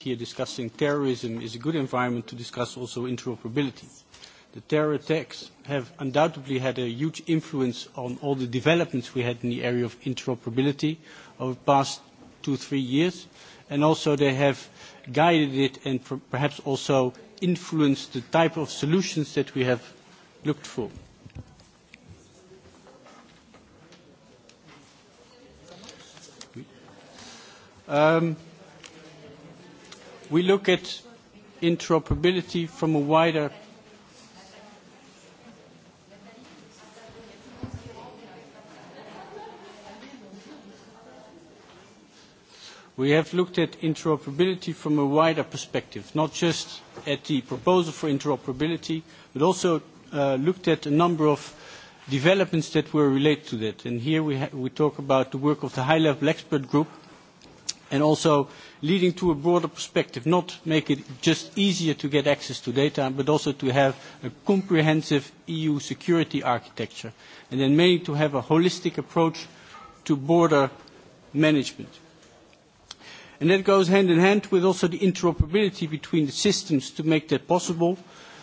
here discussing terrorism is a good environment to discuss also interoperability. The terror attacks have undoubtedly had a huge influence on all the developments we had in the area of interoperability over the past two, three years, and also they have guided it and perhaps also influenced the type of solutions that we have looked for. Um, we look at interoperability from a wider We have looked at interoperability from a wider perspective, not just at the proposal for interoperability, but also uh, looked at a number of developments that were related to that. And here we, we talk about the work of the high-level expert group and also leading to a broader perspective, not make it just easier to get access to data, but also to have a comprehensive EU security architecture, and then mainly to have a holistic approach to border management. And that goes hand in hand with also the interoperability between the systems to make that possible.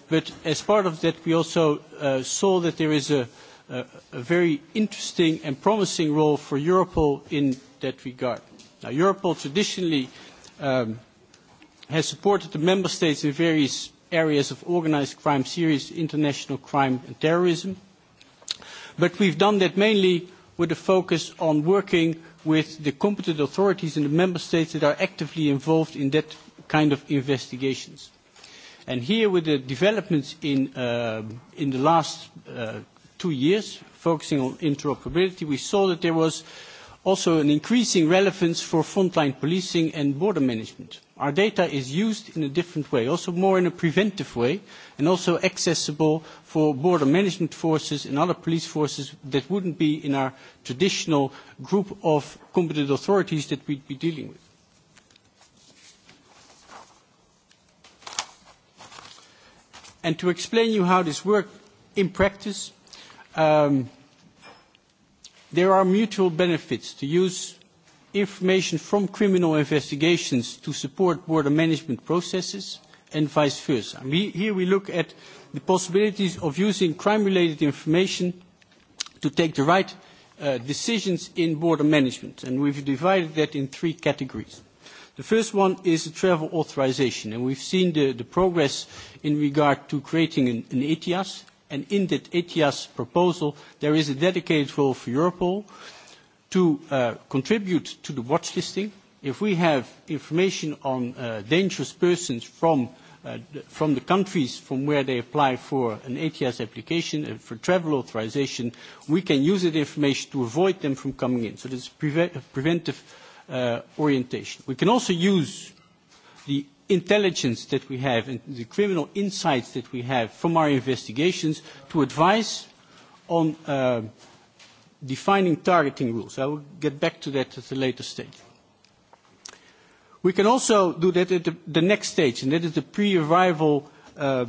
But as part of that, we also uh, saw that there is a, a, a very interesting and promising role for Europol in that regard. Now, Europol traditionally um, has supported the member states in various areas of organized crime, serious international crime and terrorism. But we've done that mainly with a focus on working with the competent authorities in the member states that are actively involved in that kind of investigations. And here with the developments in, uh, in the last uh, two years, focusing on interoperability, we saw that there was uh, also an increasing relevance for frontline policing and border management. Our data is used in a different way, also more in a preventive way, and also accessible for border management forces and other police forces that wouldn't be in our traditional group of competent authorities that we'd be dealing with. And to explain you how this works in practice, um, there are mutual benefits to use information from criminal investigations to support border management processes and vice versa. We, here we look at the possibilities of using crime-related information to take the right uh, decisions in border management, and we've divided that in three categories. The first one is travel authorization, and we've seen the, the progress in regard to creating an, an ETIAS, and in that ETIAS proposal, there is a dedicated role for Europol to uh, contribute to the watch listing. If we have information on uh, dangerous persons from, uh, the, from the countries from where they apply for an ATS application and uh, for travel authorization, we can use that information to avoid them from coming in. So this is preve preventive uh, orientation. We can also use the intelligence that we have and the criminal insights that we have from our investigations to advise on uh, defining targeting rules. I will get back to that at a later stage. We can also do that at the, the next stage, and that is the pre-arrival uh,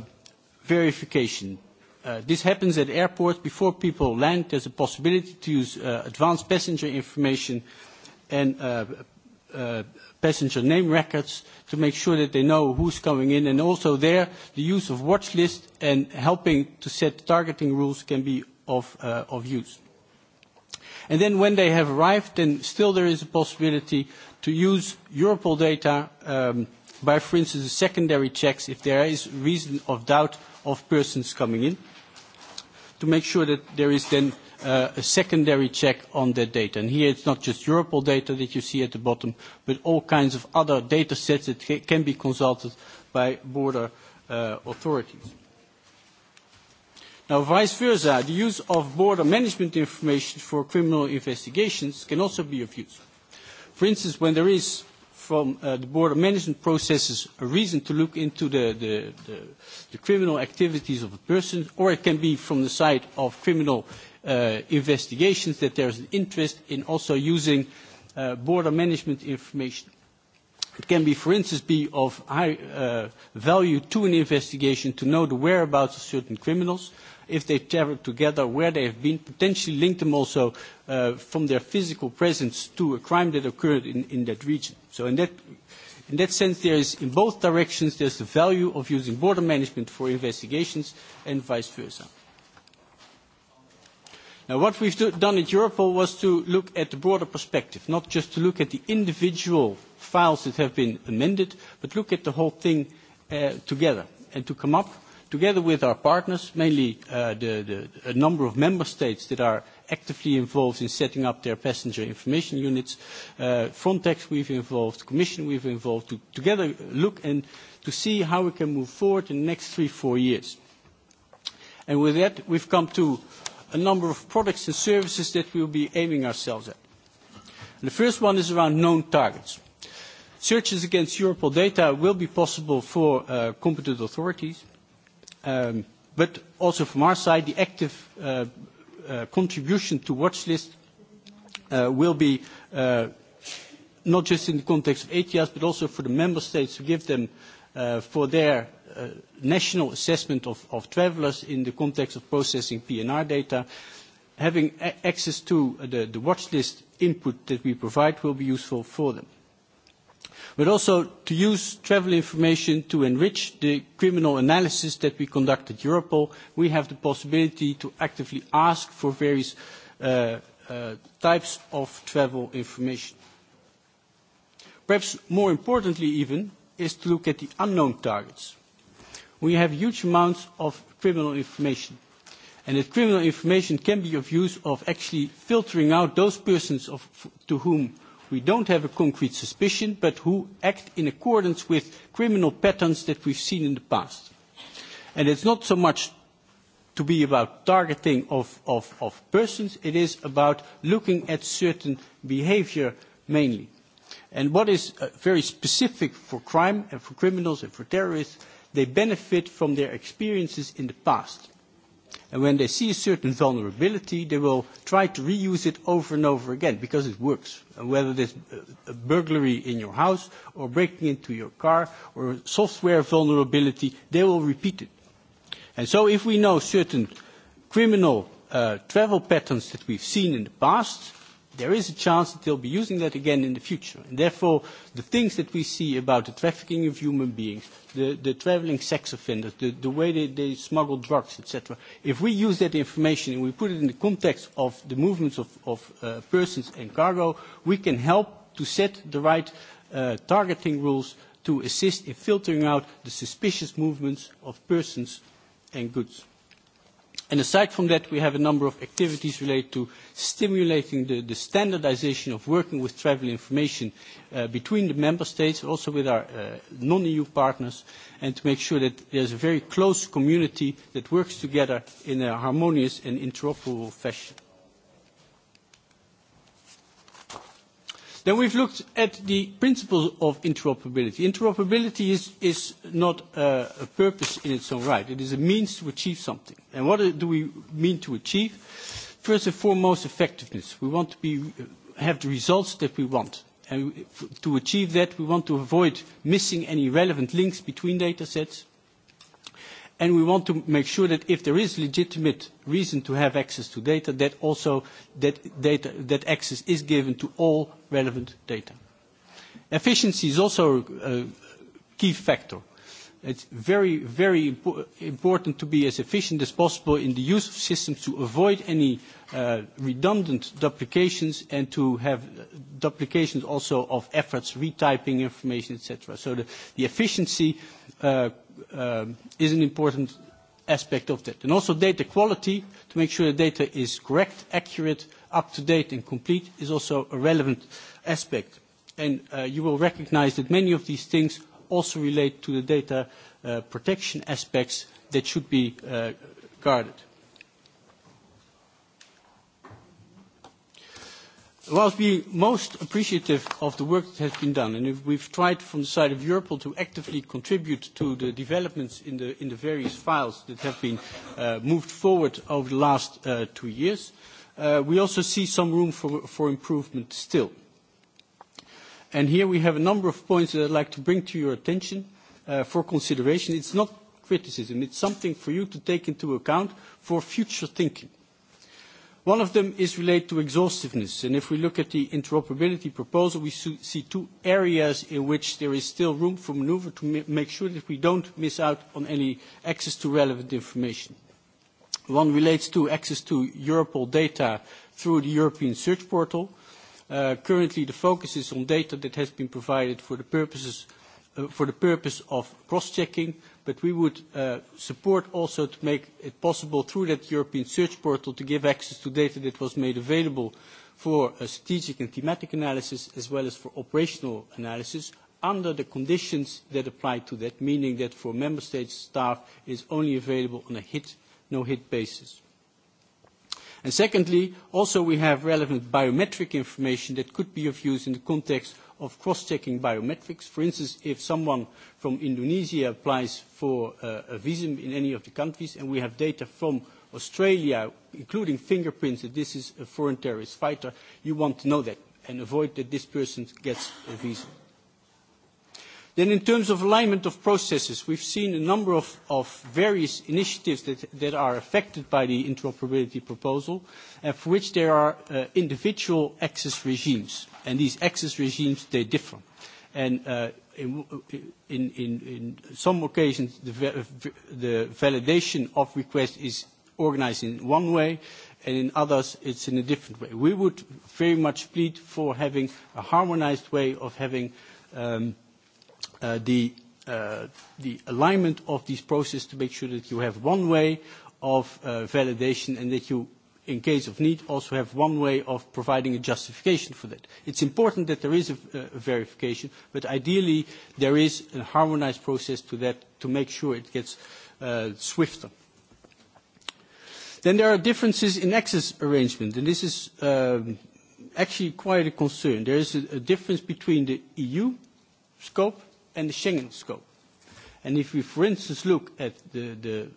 verification. Uh, this happens at airports before people land. There's a possibility to use uh, advanced passenger information and uh, Uh, passenger name records to make sure that they know who's coming in. And also there, the use of watch lists and helping to set targeting rules can be of, uh, of use. And then when they have arrived, then still there is a possibility to use Europol data um, by, for instance, secondary checks if there is reason of doubt of persons coming in to make sure that there is then Uh, a secondary check on their data. And here it's not just Europol data that you see at the bottom, but all kinds of other data sets that can be consulted by border uh, authorities. Now, vice versa, the use of border management information for criminal investigations can also be of use. For instance, when there is from uh, the border management processes a reason to look into the, the, the, the criminal activities of a person, or it can be from the side of criminal uh, investigations, that there's an interest in also using uh, border management information. It can be, for instance, be of high uh, value to an investigation to know the whereabouts of certain criminals, if they travel together, where they have been, potentially link them also uh, from their physical presence to a crime that occurred in, in that region. So in that, in that sense, there is in both directions, there's the value of using border management for investigations and vice versa. Now, what we've do, done at Europol was to look at the broader perspective, not just to look at the individual files that have been amended, but look at the whole thing uh, together and to come up together with our partners, mainly uh, the, the, a number of member states that are actively involved in setting up their passenger information units. Uh, Frontex we've involved, Commission we've involved, to together look and to see how we can move forward in the next three, four years. And with that, we've come to a number of products and services that we'll be aiming ourselves at. the first one is around known targets. Searches against Europol data will be possible for uh, competent authorities, um, but also from our side, the active uh, uh, contribution to watch list uh, will be uh, not just in the context of ATS, but also for the member states to give them uh, for their Uh, national assessment of, of travelers in the context of processing PNR data. Having access to the, the watch list input that we provide will be useful for them. But also to use travel information to enrich the criminal analysis that we conduct at Europol, we have the possibility to actively ask for various uh, uh, types of travel information. Perhaps more importantly even, is to look at the unknown targets we have huge amounts of criminal information. And that criminal information can be of use of actually filtering out those persons of, to whom we don't have a concrete suspicion, but who act in accordance with criminal patterns that we've seen in the past. And it's not so much to be about targeting of, of, of persons, it is about looking at certain behavior mainly. And what is uh, very specific for crime and for criminals and for terrorists they benefit from their experiences in the past. And when they see a certain vulnerability, they will try to reuse it over and over again because it works. And whether there's a burglary in your house or breaking into your car or software vulnerability, they will repeat it. And so if we know certain criminal uh, travel patterns that we've seen in the past, there is a chance that they'll be using that again in the future. And therefore, the things that we see about the trafficking of human beings, the, the traveling sex offenders, the, the way they, they smuggle drugs, etc., if we use that information and we put it in the context of the movements of, of uh, persons and cargo, we can help to set the right uh, targeting rules to assist in filtering out the suspicious movements of persons and goods. And aside from that, we have a number of activities related to stimulating the, the standardization of working with travel information uh, between the member states, also with our uh, non-EU partners, and to make sure that there's a very close community that works together in a harmonious and interoperable fashion. we've looked at the principles of interoperability. Interoperability is, not a, purpose in its own right. It is a means to achieve something. what do we mean to achieve? First and foremost, effectiveness. We want to have the results that we want. to achieve that, we want to avoid missing any relevant links between data sets and we want to make sure that if there is legitimate reason to have access to data, that also that, data, that access is given to all relevant data. Efficiency is also a key factor. It's very, very impo important to be as efficient as possible in the use of systems to avoid any uh, redundant duplications and to have uh, duplications also of efforts, retyping information, etc. So the, the efficiency uh, uh, is an important aspect of that. And also data quality, to make sure the data is correct, accurate, up-to-date and complete is also a relevant aspect. And uh, you will recognize that many of these things also relate to the data uh, protection aspects that should be uh, guarded. Whilst being most appreciative of the work that has been done, and we've tried from the side of Europol to actively contribute to the developments in the, in the various files that have been uh, moved forward over the last uh, two years, uh, we also see some room for, for improvement still here we have a number of points that I'd like to bring to your attention uh, for consideration. It's not criticism. It's something for you to take into account for future thinking. One of them is related to exhaustiveness. if we look at the interoperability proposal, we see two areas in which there is still room for maneuver to make sure that we don't miss out on any access to relevant information. One relates to access to Europol data through the European Search Portal, Uh, currently, the focus is on data that has been provided for the, purposes, uh, for the purpose of cross-checking, but we would uh, support also to make it possible through that European search portal to give access to data that was made available for a strategic and thematic analysis as well as for operational analysis under the conditions that apply to that, meaning that for member states staff is only available on a hit, no-hit basis secondly, also we have relevant biometric information that could be of use in the context of cross-checking biometrics. For instance, if someone from Indonesia applies for uh, a visa in any of the countries, and we have data from Australia, including fingerprints, that this is a foreign terrorist fighter, you want to know that and avoid that this person gets a visa. Then in terms of alignment of processes, we've seen a number of, of various initiatives that, that are affected by the interoperability proposal, and uh, for which there are uh, individual access regimes. And these access regimes, they differ. And uh, in, in, in some occasions, the, the validation of requests is organized in one way, and in others it's in a different way. We would very much plead for having a harmonized way of having um, Uh, uh, the, alignment of these processes to make sure that you have one way of uh, validation and that you in case of need, also have one way of providing a justification for that. It's important that there is a, verification, but ideally there is a harmonized process to that to make sure it gets swifter. Then there are differences in access arrangement, and this is um, actually quite a concern. There is a difference between the EU scope and the Schengen scope. And if we, for instance, look at the,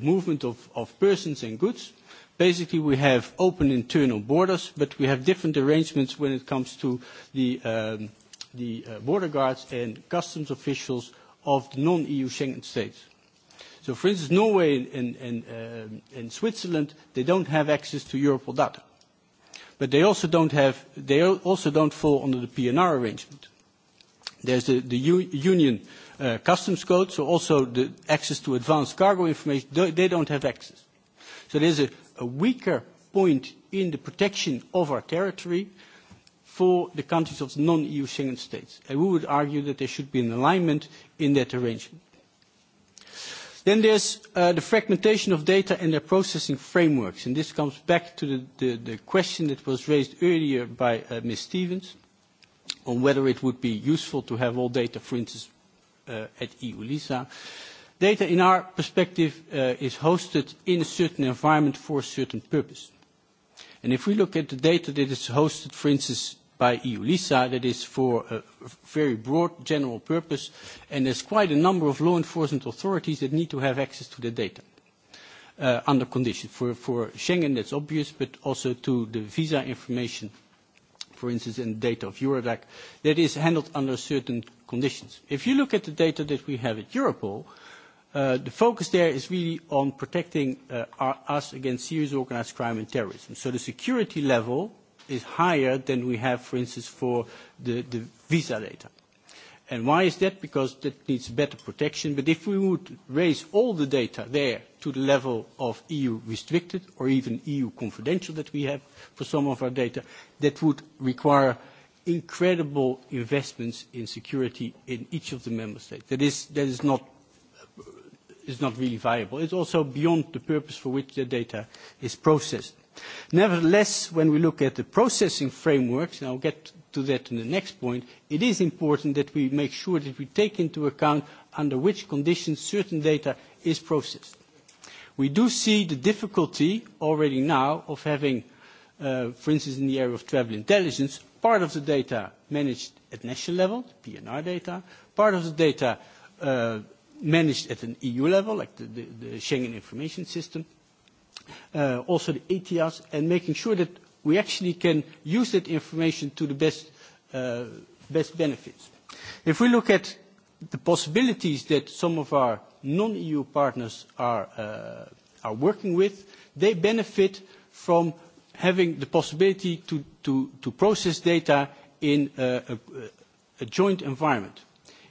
movement of, persons and goods, basically we have open internal borders, but we have different arrangements when it comes to the, um, uh, border guards and customs officials of the non-EU Schengen states. So, for instance, Norway um, and, Switzerland, they don't have access to Europol data. But they also don't fall under the PNR arrangement. There's the, the U Union uh, Customs Code, so also the access to advanced cargo information, they don't have access. So there's a, a weaker point in the protection of our territory for the countries of non-EU Schengen states. And we would argue that there should be an alignment in that arrangement. Then there's uh, the fragmentation of data and their processing frameworks. And this comes back to the, the, the question that was raised earlier by uh, Ms. Stevens on whether it would be useful to have all data, for instance, uh, at EU LISA. Data, in our perspective, uh, is hosted in a certain environment for a certain purpose. And if we look at the data that is hosted, for instance, by EU LISA, that is for a very broad general purpose, and there's quite a number of law enforcement authorities that need to have access to the data. Uh, under condition. For, for Schengen, that's obvious, but also to the visa information for instance, in data of Eurodac, that is handled under certain conditions. If you look at the data that we have at Europol, uh, the focus there is really on protecting uh, us against serious organized crime and terrorism. So the security level is higher than we have, for instance, for the visa data. And why is that? Because that needs better protection. But if we would raise all the data there to the level of EU restricted or even EU confidential that we have for some of our data, that would require incredible investments in security in each of the member states. That is, that is not is not really viable. It's also beyond the purpose for which the data is processed. Nevertheless, when we look at the processing frameworks, and I'll get to that in the next point, it is important that we make sure that we take into account under which conditions certain data is processed. We do see the difficulty already now of having, uh, for instance, in the area of travel intelligence, part of the data managed at national level, PNR data, part of the data uh, managed at an EU level, like the, the, the Schengen Information System, uh, also the ETIAS, and making sure that we actually can use that information to the best, uh, best benefits. If we look at the possibilities that some of our non-EU partners are, uh, are working with, they benefit from having the possibility to, to, to process data in a, a, a joint environment.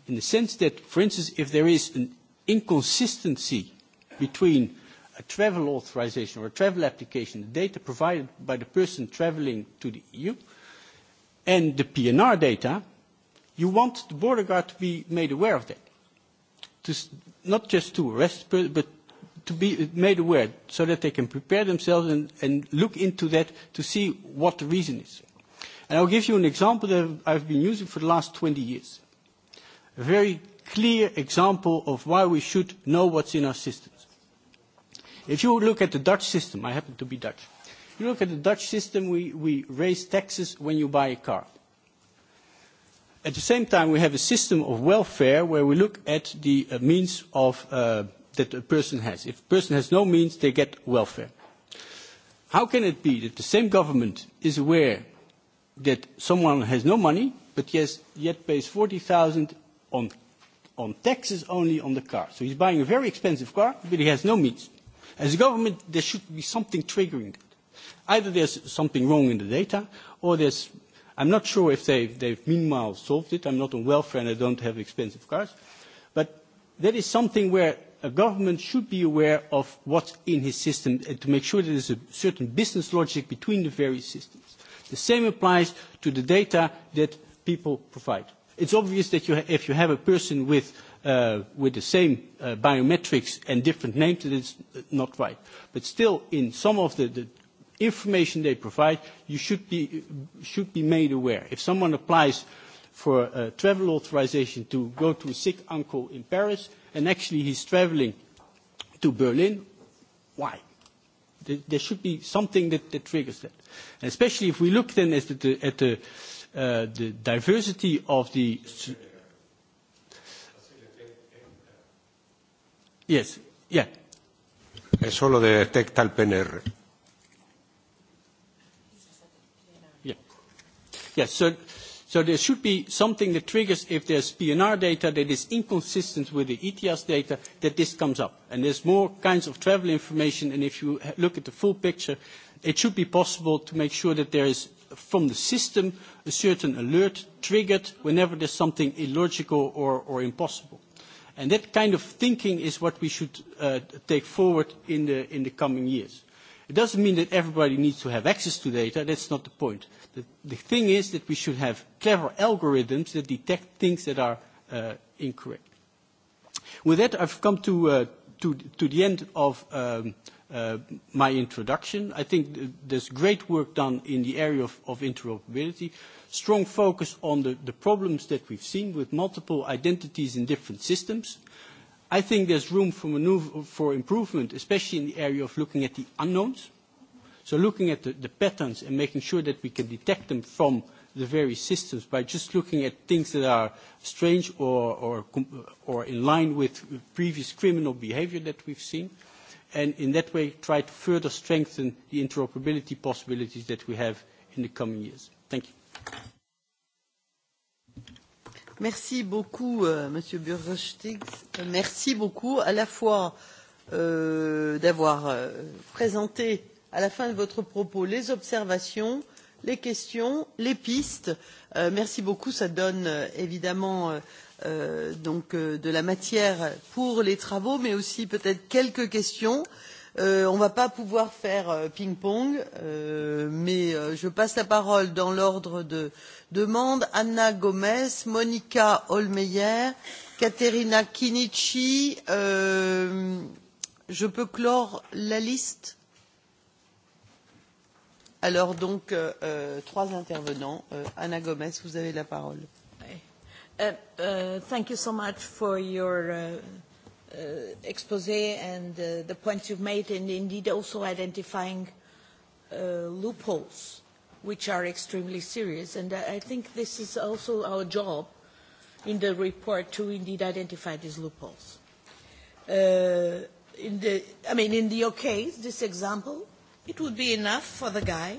In the sense that, for instance, if there is an inconsistency between uh, a travel authorization or a travel application, the data provided by the person traveling to the EU, and the PNR data, you want the border guard to be made aware of that. To, not just to arrest, but to be made aware so that they can prepare themselves and, and look into that to see what the reason is. And I'll give you an example that I've been using for the last 20 years. A very clear example of why we should know what's in our system. If you look at the Dutch system, I happen to be Dutch. You look at the Dutch system, we, we raise taxes when you buy a car. At the same time, we have a system of welfare where we look at the uh, means of, uh, that a person has. If a person has no means, they get welfare. How can it be that the same government is aware that someone has no money, but yes, yet pays 40,000 on, on taxes only on the car? So he's buying a very expensive car, but he has no means. As a government, there should be something triggering it. Either there's something wrong in the data, or there's I'm not sure if they've, they've meanwhile solved it. I'm not on welfare and I don't have expensive cars. But that is something where a government should be aware of what's in his system and to make sure there is a certain business logic between the various systems. The same applies to the data that people provide. It's obvious that you ha- if you have a person with, uh, with the same uh, biometrics and different names, that it's uh, not right. But still, in some of the, the information they provide, you should be, should be made aware. If someone applies for a travel authorization to go to a sick uncle in Paris, and actually he's traveling to Berlin, why? There should be something that, that triggers that. And especially if we look then at the, at the the eh, diversity of the yes yeah eso lo detecta el PNR yeah yeah so so there should be something that triggers if there's PNR data that is inconsistent with the ETIAS data, that this comes up. And there's more kinds of travel information, and if you look at the full picture, it should be possible to make sure that there is from the system a certain alert triggered whenever there's something illogical or, or impossible. And that kind of thinking is what we should uh, take forward in the, in the coming years. It doesn't mean that everybody needs to have access to data. That's not the point. The, the thing is that we should have clever algorithms that detect things that are uh, incorrect. With that, I've come to uh, to, to the end of um, uh, my introduction, I think th there's great work done in the area of, of interoperability, strong focus on the, the problems that we've seen with multiple identities in different systems. I think there's room for, maneuver, for improvement, especially in the area of looking at the unknowns. So looking at the, the patterns and making sure that we can detect them from uh, the various systems by just looking at things that are strange or, or, or in line with previous criminal behavior that we've seen, and in that way try to further strengthen the interoperability possibilities that we have in the coming years. Thank you. Merci beaucoup, euh, Monsieur Burgersteig. Merci beaucoup à la fois euh, d'avoir euh, présenté à la fin de votre propos les observations les questions, les pistes. Euh, merci beaucoup. Ça donne euh, évidemment euh, euh, donc, euh, de la matière pour les travaux, mais aussi peut-être quelques questions. Euh, on ne va pas pouvoir faire euh, ping-pong, euh, mais euh, je passe la parole dans l'ordre de demande. Anna Gomez, Monica Holmeyer, Katerina Kinichi. Euh, je peux clore la liste Alors donc, euh, euh, trois intervenants. Euh, Anna Gomez, vous avez la parole. Uh, uh, thank you so much for your uh, uh, expose and uh, the points you've made, and indeed also identifying uh, loopholes, which are extremely serious. And I think this is also our job in the report to indeed identify these loopholes. Uh, in the, I mean, in your case, this example, it would be enough for the guy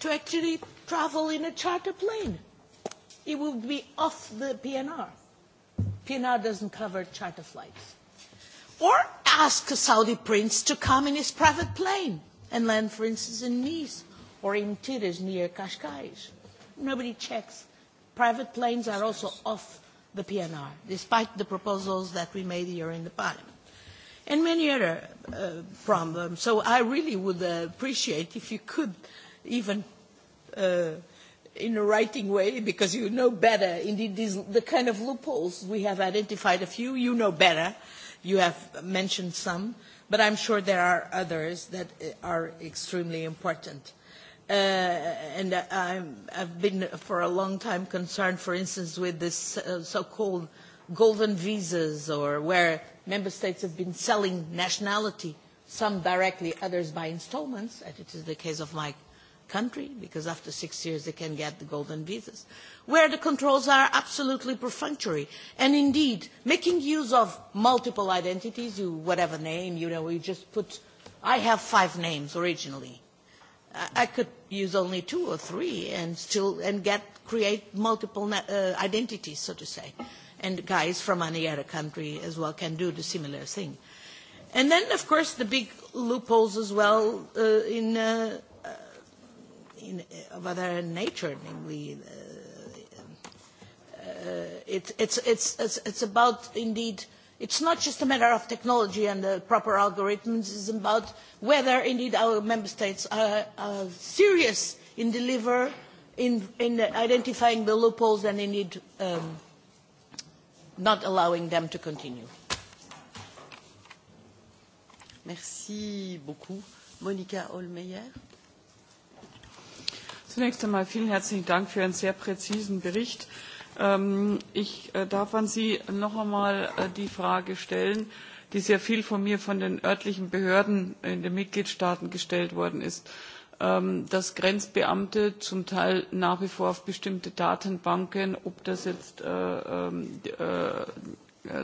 to actually travel in a charter plane. It would be off the PNR. PNR doesn't cover charter flights. Or ask a Saudi prince to come in his private plane and land, for instance, in Nice or in Tiris near Qashqai's. Nobody checks. Private planes are also off the PNR, despite the proposals that we made here in the Parliament and many other uh, problems. So I really would uh, appreciate if you could even uh, in a writing way, because you know better, indeed, these, the kind of loopholes we have identified a few, you know better, you have mentioned some, but I'm sure there are others that uh, are extremely important. Uh, and I'm, I've been uh, for a long time concerned, for instance, with this uh, so-called golden visas or where member states have been selling nationality, some directly, others by installments, as it is the case of my country, because after six years they can get the golden visas, where the controls are absolutely perfunctory. And indeed, making use of multiple identities, you, whatever name, you know, you just put, I have five names originally. I could use only two or three and still and get create multiple uh, identities, so to say and guys from any other country as well can do the similar thing. And then, of course, the big loopholes as well uh, in, uh, uh in, uh, of other nature, namely, uh, uh, it, it's, it's, it's, it's about indeed. It's not just a matter of technology and the proper algorithms. It's about whether indeed our member states are, are serious in deliver, in, in identifying the loopholes and indeed um, not allowing them to continue. Merci beaucoup. Monika Olmeyer. Zunächst einmal vielen herzlichen Dank für einen sehr präzisen Bericht. Ähm, ich äh, darf an Sie noch einmal äh, die Frage stellen, die sehr viel von mir von den örtlichen Behörden in den Mitgliedstaaten gestellt worden ist Ähm, dass Grenzbeamte zum Teil nach wie vor auf bestimmte Datenbanken, ob das jetzt äh, ähm, äh, äh,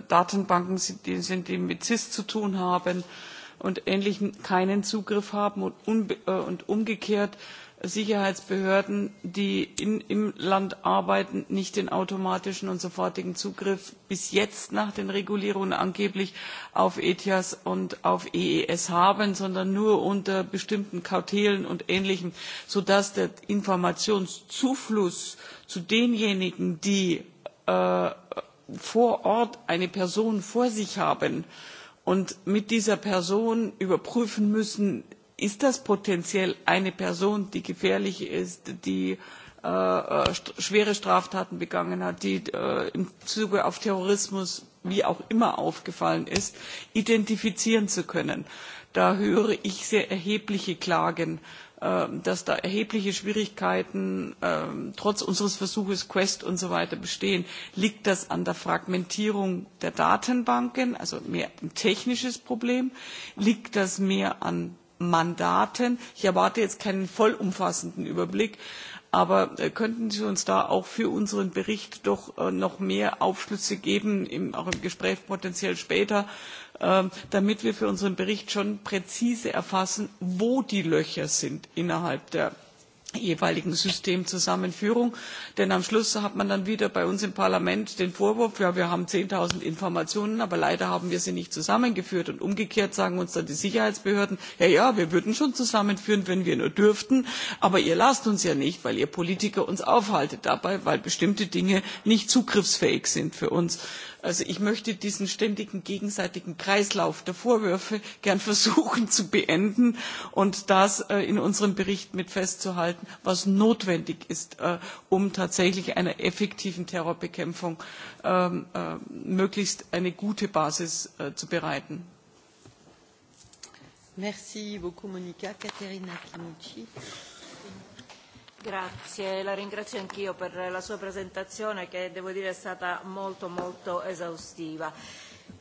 Datenbanken sind, die mit CIS zu tun haben und Ähnlichem, keinen Zugriff haben und umgekehrt Sicherheitsbehörden, die im Land arbeiten, nicht den automatischen und sofortigen Zugriff bis jetzt nach den Regulierungen angeblich auf ETIAS und auf EES haben, sondern nur unter bestimmten Kautelen und Ähnlichem, sodass der Informationszufluss zu denjenigen, die äh, vor Ort eine Person vor sich haben, und mit dieser Person überprüfen müssen, ist das potenziell eine Person, die gefährlich ist, die äh, äh, schwere Straftaten begangen hat, die äh, im Zuge von Terrorismus wie auch immer aufgefallen ist, identifizieren zu können. Da höre ich sehr erhebliche Klagen, ähm, dass da erhebliche Schwierigkeiten ähm, trotz unseres Versuches Quest und so weiter bestehen. Liegt das an der Fragmentierung der Datenbanken, also mehr ein technisches Problem? Liegt das mehr Mandaten. Ich erwarte jetzt keinen vollumfassenden Überblick, aber äh, könnten Sie uns da auch für unseren Bericht doch äh, noch mehr Aufschlüsse geben, auch im Gespräch potenziell später, ähm, damit wir für unseren Bericht schon präzise erfassen, wo die Löcher sind innerhalb der jeweiligen Systemzusammenführung. Denn am Schluss hat man dann wieder bei uns im Parlament den Vorwurf, ja, wir haben zehn null Informationen, aber leider haben wir sie nicht zusammengeführt. Und umgekehrt sagen uns dann die Sicherheitsbehörden, ja, ja, wir würden schon zusammenführen, wenn wir nur dürften, aber ihr lasst uns ja nicht, weil ihr Politiker uns aufhaltet dabei, weil bestimmte Dinge nicht zugriffsfähig sind für uns. Also ich möchte diesen ständigen gegenseitigen Kreislauf der Vorwürfe gern versuchen zu beenden und das äh, in unserem Bericht mit festzuhalten, was notwendig ist, äh, um tatsächlich einer effektiven Terrorbekämpfung ähm, äh, möglichst eine gute Basis zu bereiten. Merci beaucoup, Monika. Caterina Chimucci. Grazie, la ringrazio anch'io per la sua presentazione che devo dire è stata molto molto esaustiva.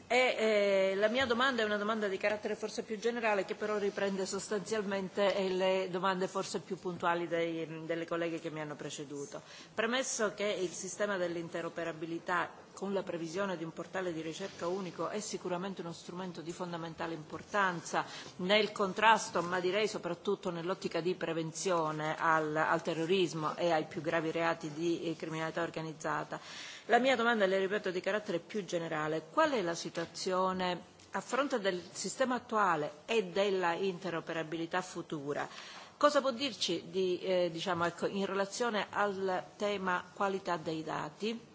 E, eh, la mia domanda è una domanda di carattere forse più generale che però riprende sostanzialmente eh, le domande forse più puntuali dei, delle colleghe che mi hanno preceduto. Premesso che il sistema dell'interoperabilità con la previsione di un portale di ricerca unico è sicuramente uno strumento di fondamentale importanza nel contrasto, ma direi soprattutto nell'ottica di prevenzione al, al terrorismo e ai più gravi reati di eh, criminalità organizzata. La mia domanda le ripeto di carattere più generale. Qual è la situazione a fronte del sistema attuale e della interoperabilità futura? Cosa può dirci di, eh, diciamo, ecco, in relazione al tema qualità dei dati?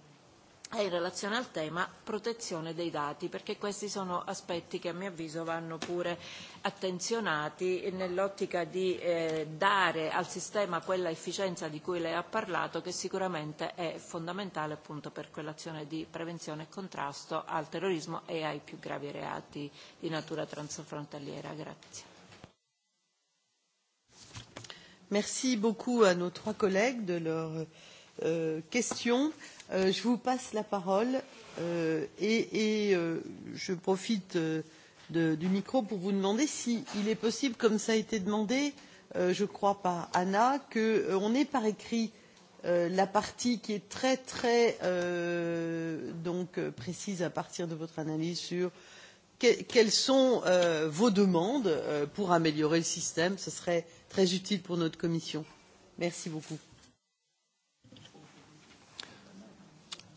è ah, in relazione al tema protezione dei dati, perché questi sono aspetti che a mio avviso vanno pure attenzionati nell'ottica di eh, dare al sistema quella efficienza di cui lei ha parlato, che sicuramente è fondamentale appunto per quell'azione di prevenzione e contrasto al terrorismo e ai più gravi reati di natura transfrontaliera. Grazie. Merci beaucoup à nos trois collègues de leurs euh, questions. Euh, je vous passe la parole euh, et, et euh, je profite euh, de, du micro pour vous demander s'il si est possible, comme ça a été demandé, euh, je crois, par Anna, qu'on euh, ait par écrit euh, la partie qui est très très euh, donc, euh, précise à partir de votre analyse sur que, quelles sont euh, vos demandes euh, pour améliorer le système. Ce serait très utile pour notre commission. Merci beaucoup.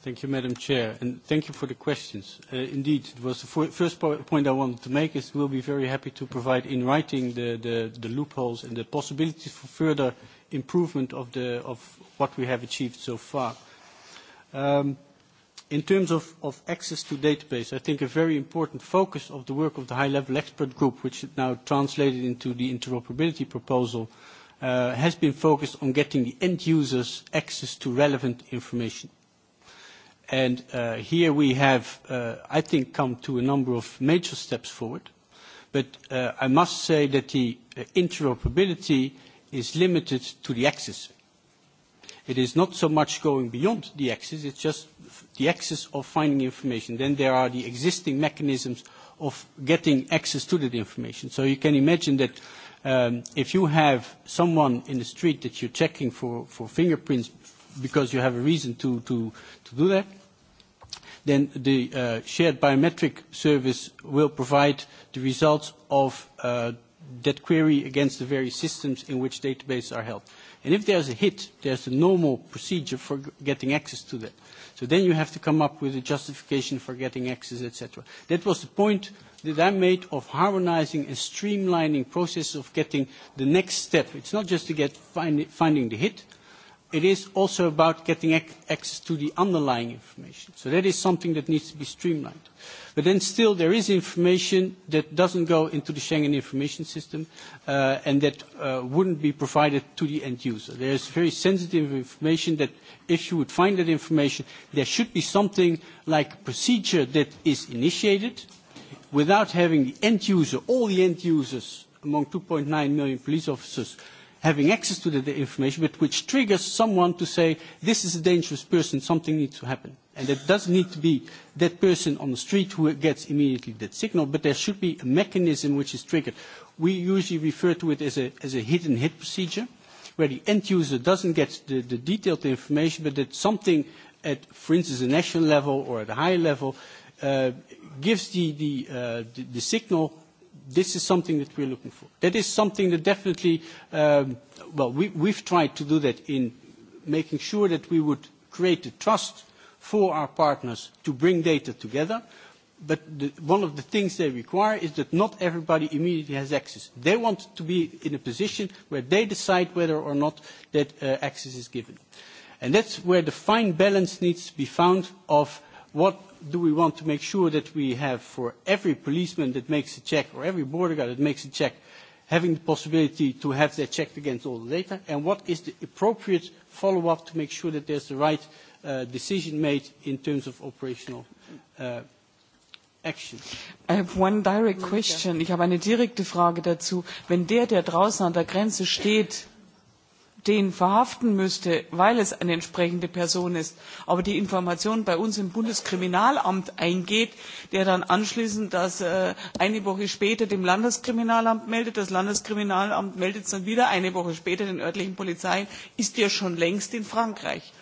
Thank you, Madam Chair, and thank you for the questions. Uh, indeed, it was the first po point I wanted to make is we'll be very happy to provide in writing the, the, the loopholes and the possibilities for further improvement of, the, of what we have achieved so far. Um, in terms of, of access to database, I think a very important focus of the work of the high-level expert group, which is now translated into the interoperability proposal, uh, has been focused on getting the end users access to relevant information. And uh, here we have, uh, I think, come to a number of major steps forward. But uh, I must say that the interoperability is limited to the axis. It is not so much going beyond the axis, it's just the axis of finding information. Then there are the existing mechanisms of getting access to that information. So you can imagine that um, if you have someone in the street that you're checking for fingerprints because you have a reason to, do that, then the uh, shared biometric service will provide the results of uh, that query against the various systems in which databases are held. And if there's a hit, there's a normal procedure for getting access to that. So then you have to come up with a justification for getting access, et cetera. That was the point that I made of harmonizing and streamlining process of getting the next step. It's not just to get finding the hit, it is also about getting access to the underlying information. So that is something that needs to be streamlined. But then still there is information that doesn't go into the Schengen information system uh, and that uh, wouldn't be provided to the end user. There is very sensitive information that if you would find that information, there should be something like a procedure that is initiated without having the end user, all the end users among 2.9 million police officers having access to the information, but which triggers someone to say, this is a dangerous person, something needs to happen. And it doesn't need to be that person on the street who gets immediately that signal, but there should be a mechanism which is triggered. We usually refer to it as a, as a hit and hit procedure, where the end user doesn't get the, the detailed information, but that something at, for instance, a national level or at a high level, uh, gives the, the, uh, the, the signal this is something that we're looking for. That is something that definitely, um, well, we, we've tried to do that in making sure that we would create the trust for our partners to bring data together. But the, one of the things they require is that not everybody immediately has access. They want to be in a position where they decide whether or not that uh, access is given. And that's where the fine balance needs to be found of what do we want to make sure that we have for every policeman that makes a check or every border guard that makes a check having the possibility to have that checked against all the data and what is the appropriate follow-up to make sure that there's the right uh, decision made in terms of operational uh, action. I have one direct question. Ich habe eine direkte Frage dazu. Wenn der, der draußen an der Grenze steht, den verhaften müsste, weil es eine entsprechende Person ist, aber die Information bei uns im Bundeskriminalamt eingeht, der dann anschließend das äh, eine Woche später dem Landeskriminalamt meldet, das Landeskriminalamt meldet es dann wieder eine Woche später den örtlichen Polizeien, ist ja schon längst in Frankreich.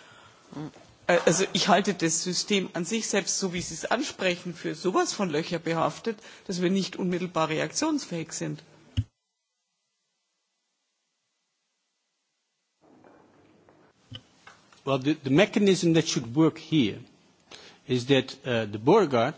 Äh, also ich halte das System an sich selbst, so wie Sie es ansprechen, für sowas von Löcher behaftet, dass wir nicht unmittelbar reaktionsfähig sind. Well, the, the mechanism that should work here is that uh, the border guard,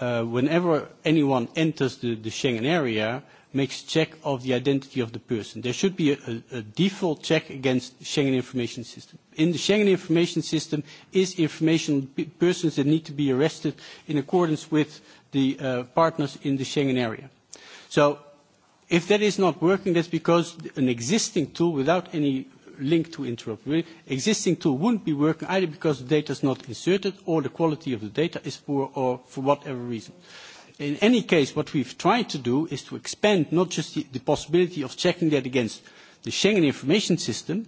uh, whenever anyone enters the, the Schengen area, makes check of the identity of the person. There should be a, a, a default check against Schengen information system. In the Schengen information system is information on persons that need to be arrested in accordance with the uh, partners in the Schengen area. So if that is not working, that's because an existing tool without any linked to interoperability. Existing tool wouldn't be working either because the data is not inserted or the quality of the data is poor or for whatever reason. In any case, what we've tried to do is to expand not just the, the possibility of checking that against the Schengen information system,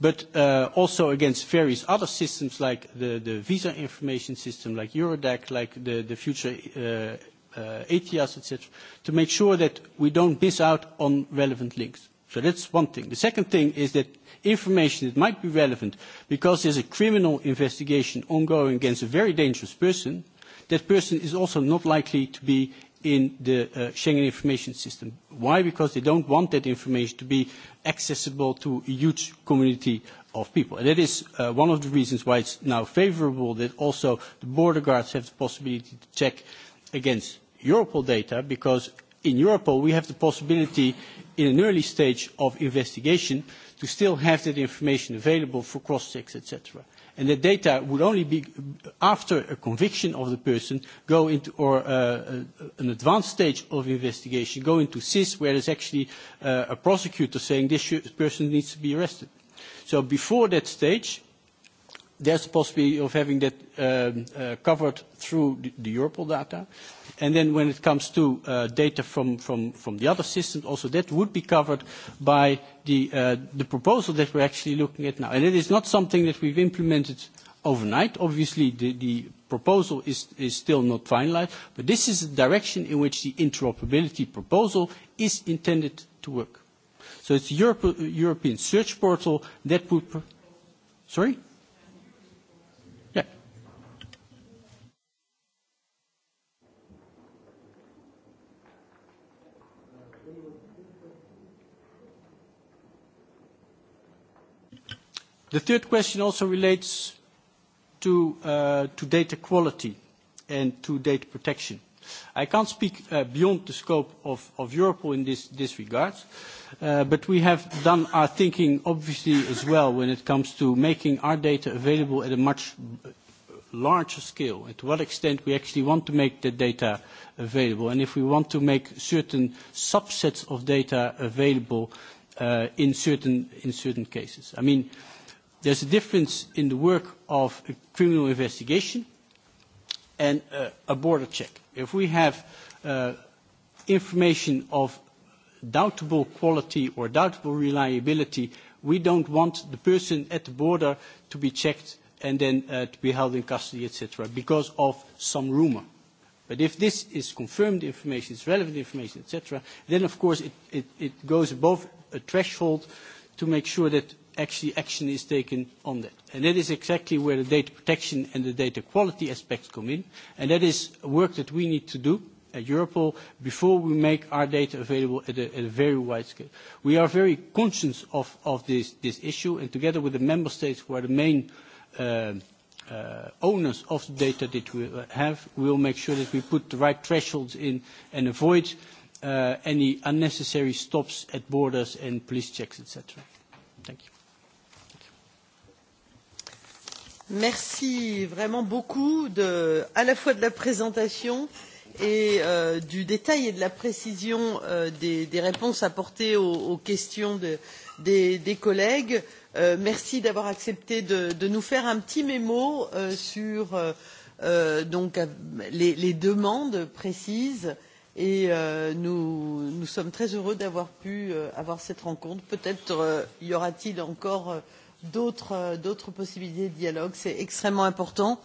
but uh, also against various other systems like the, the visa information system, like Eurodac, like the, the future uh, uh, ETIAS, etc., to make sure that we don't miss out on relevant links. So that's one thing. The second thing is that information that might be relevant because there's a criminal investigation ongoing against a very dangerous person, that person is also not likely to be in the uh, Schengen information system. Why? Because they don't want that information to be accessible to a huge community of people. And that is uh, one of the reasons why it's now favorable that also the border guards have the possibility to check against Europol data because in Europol, we have the possibility in an early stage of investigation to still have that information available for cross-checks, etc. And the data would only be, after a conviction of the person, go into, or uh, uh an advanced stage of investigation, go into CIS, where there's actually uh, a prosecutor saying this person needs to be arrested. So before that stage, there's the possibility of having that um, uh, covered through the, the Europol data. And then when it comes to uh, data from, from, from the other systems, also that would be covered by the, uh, the proposal that we're actually looking at now. And it is not something that we've implemented overnight. Obviously, the, the proposal is, is still not finalized, but this is the direction in which the interoperability proposal is intended to work. So it's Europe, European Search Portal that would... Sorry? The third question also relates uh, to, data quality and to data protection. I can't speak uh, beyond the scope of, Europol in this, regard, uh, but we have done our thinking obviously as well when it comes to making our data available at a much larger scale and to what extent we actually want to make the data available and if we want to make certain subsets of data available in, certain, cases. I mean, There's a difference in the work of a criminal investigation and uh, a border check. If we have uh, information of doubtable quality or doubtable reliability, we don't want the person at the border to be checked and then uh, to be held in custody, etc., because of some rumor. But if this is confirmed information, it's relevant information, etc., then of course it, it, it goes above a threshold to make sure that actually action is taken on that. And that is exactly where the data protection and the data quality aspects come in, and that is work that we need to do at Europol before we make our data available at a, at a very wide scale. We are very conscious of, of this, this issue, and together with the member states who are the main uh, uh, owners of the data that we have, we will make sure that we put the right thresholds in and avoid uh, any unnecessary stops at borders and police checks, etc. Thank you. merci vraiment beaucoup à la fois de la présentation et euh, du détail et de la précision euh, des, réponses apportées aux, questions des, collègues. Euh, merci d'avoir accepté de, nous faire un petit mémo sur les, demandes précises et nous, sommes très heureux d'avoir pu avoir cette rencontre. peut être y aura t il encore des Euh, d'autres possibilités de dialogue. C'est extrêmement important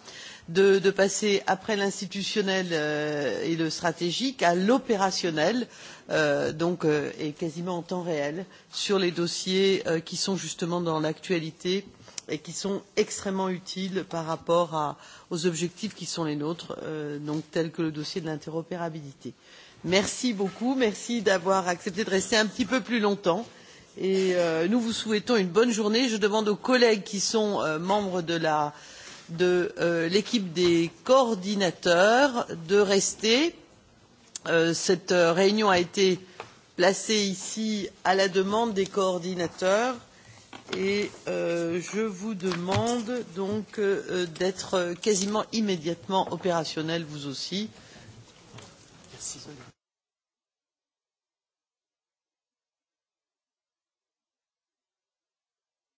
de, de passer après l'institutionnel euh, et le stratégique à l'opérationnel euh, donc euh, et quasiment en temps réel sur les dossiers euh, qui sont justement dans l'actualité et qui sont extrêmement utiles par rapport à, aux objectifs qui sont les nôtres, euh, donc tels que le dossier de l'interopérabilité. Merci beaucoup, merci d'avoir accepté de rester un petit peu plus longtemps et euh, nous vous souhaitons une bonne journée. Je demande aux collègues qui sont euh, membres de la de euh, l'équipe des coordinateurs de rester. Euh, cette euh, réunion a été placée ici à la demande des coordinateurs et euh, je vous demande donc euh, d'être euh, quasiment immédiatement opérationnels vous aussi